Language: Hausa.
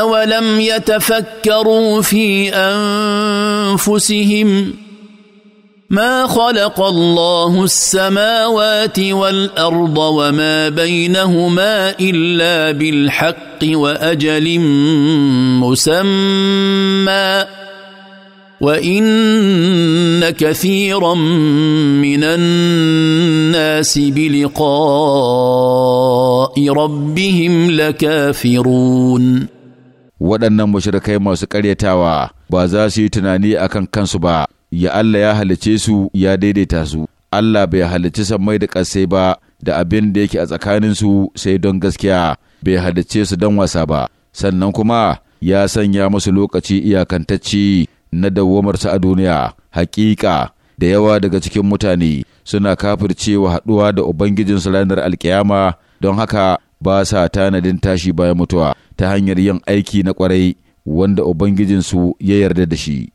اولم يتفكروا في انفسهم ما خلق الله السماوات والارض وما بينهما الا بالحق واجل مسمى وان كثيرا من الناس بلقاء ربهم لكافرون waɗannan mashirkai masu karyatawa ba za su yi tunani a kan kansu ba ya Allah ya halice su ya daidaita su Allah bai halicci sammai da ƙasai ba da abin da yake a tsakaninsu sai don gaskiya bai halicce su don wasa ba sannan kuma ya sanya musu lokaci iyakantacci na dawwamarsu a duniya hakika da yawa daga cikin mutane suna kafircewa haɗuwa da ubangijinsu ranar alkiyama don haka ba sa tanadin tashi bayan mutuwa ta hanyar yin aiki na ƙwarai wanda Ubangijinsu ya yarda da shi.